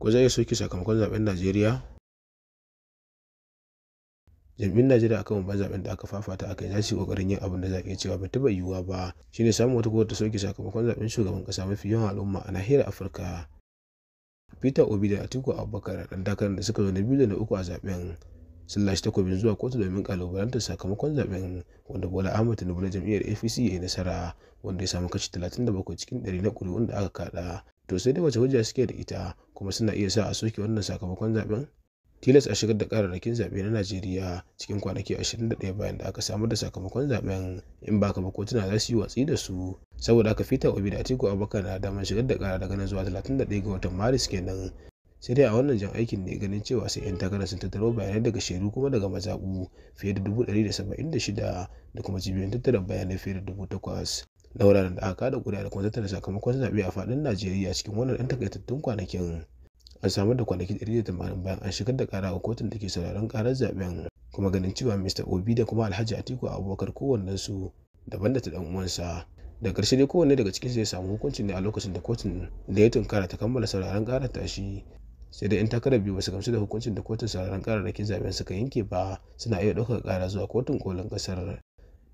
Ko za a iya soke sakamakon zaben Najeriya? jami'in Najeriya akan babban zaɓen da aka fafata aka yi za kokarin yin abin da za a cewa bai taɓa yiwuwa ba shi ne samun wata kowace ta soke sakamakon zaɓen shugaban ƙasa mafi yawan al'umma a nahiyar Afirka. Peter Obi da Atiku Abubakar dan takarar da suka zo na biyu da na uku a zaben sun lashe takobin zuwa kotu domin kalubalantar sakamakon zaben wanda bola ahmad tinubu na jam'iyyar apc ya yi nasara wanda ya samu kashi 37 cikin 100 na kuri'un da aka kada to sai dai wace hujja suke da ita kuma suna iya sa a soke wannan sakamakon zaben tilas a shigar da kararrakin zaɓe na najeriya cikin kwanaki 21 bayan da aka samar da sakamakon zaben in ba ka kotuna za su yi watsi da su saboda aka fita obi da atiku abubakar na damar shigar da kara daga nan zuwa 31 ga watan maris kenan sai dai a wannan jan aikin ne ganin cewa sai 'yan takarar sun tattaro bayanai daga shaidu kuma daga mazaɓu fiye da 176 da kuma cibiyoyin tattara bayanai fiye da 8,000 na wuraren da aka kada kuri'a da kuma tattara sakamakon zaɓe a faɗin najeriya cikin wannan ɗan takaitattun kwanakin a samar da kwanaki da tamanin bayan an shigar da ƙara a kotun da ke sauraron ƙarar zaɓen kuma ganin cewa mista obi da kuma alhaji atiku abubakar su daban da ta ɗan uwansa da ƙarshe dai kowanne daga cikin ya samu hukuncin ne a lokacin da kotun da ya tunkara ta kammala sauraron ƙara tashi sai da 'yan takarar biyu basu gamsu da hukuncin da kotun sauraron ke zaben suka yanke ba suna iya ɗaukar kara zuwa kotun kolin ƙasar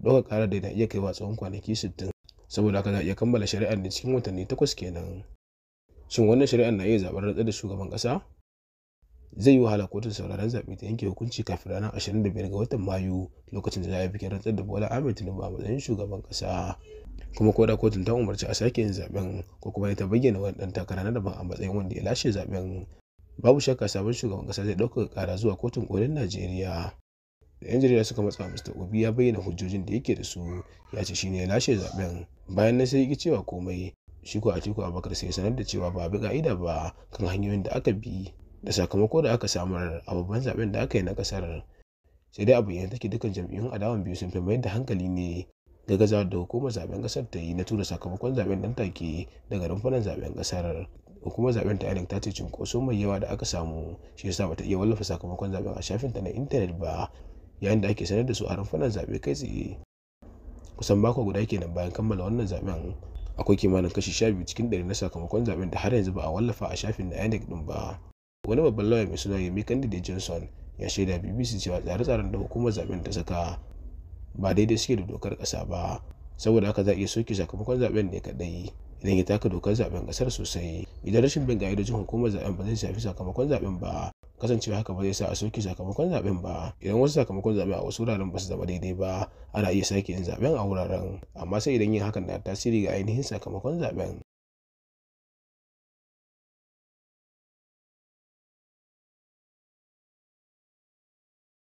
ɗaukar kara da na iya kaiwa tsawon kwanaki 60 saboda haka za a iya kammala shari'ar ne cikin watanni takwas kenan shin wannan shari'ar na iya zaɓar rantsar da shugaban ƙasa zai yi wahala kotun sauraron zaɓe ta yanke hukunci kafin ranar 25 ga watan mayu lokacin da za a yi bikin rantsar da bola ahmed tinubu a matsayin shugaban ƙasa kuma ko kotun ta umarci a sake yin zaɓen ko kuma ta bayyana wani ɗan takara na daban a matsayin wanda ya lashe zaɓen babu shakka sabon shugaban ƙasa zai ɗaukaka ƙara zuwa kotun kolin najeriya da 'yan jarida suka matsa mr obi ya bayyana hujjojin da yake da su ya ce shine ya lashe zaben bayan na sai cewa komai shi ko atiku abubakar sai sanar da cewa ba bi ka'ida ba kan hanyoyin da aka bi da sakamako da aka samar a babban zaben da aka yi na kasar sai dai abu yana take dukkan jam'iyyun adawan biyu sun fi mayar da hankali ne ga gaza da hukumar zaben kasar ta yi na tura sakamakon zaben nan take daga rumfunan zaben kasar hukumar zaben ta ta ce cunkoso mai yawa da aka samu shi yasa bata iya wallafa sakamakon zaben a shafinta na intanet ba yayin da ake sanar da su a rumfunan zaɓe kai tsaye kusan mako guda kenan bayan kammala wannan zaɓen akwai kimanin kashi sha biyu cikin ɗari na sakamakon zaɓen da har yanzu ba a wallafa a shafin na inec ɗin ba wani babban lawyer mai suna yemi da johnson ya shaida bbc cewa tsare-tsaren da hukumar zaɓen ta saka ba daidai suke da dokar ƙasa ba saboda haka za a iya soke sakamakon zaɓen ne kaɗai idan ya taka dokar zaɓen ƙasar sosai idan rashin bin ga'idojin hukumar zaɓen ba zai shafi sakamakon zaɓen ba kasancewa haka ba zai sa a soke sakamakon zaben ba idan wasu sakamakon zaɓen a wasu wuraren ba su zama daidai ba ana iya sake yin zaben a wuraren amma sai idan yin hakan na tasiri ga ainihin sakamakon zaben